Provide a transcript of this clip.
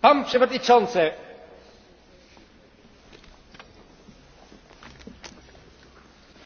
Pan przewodniczący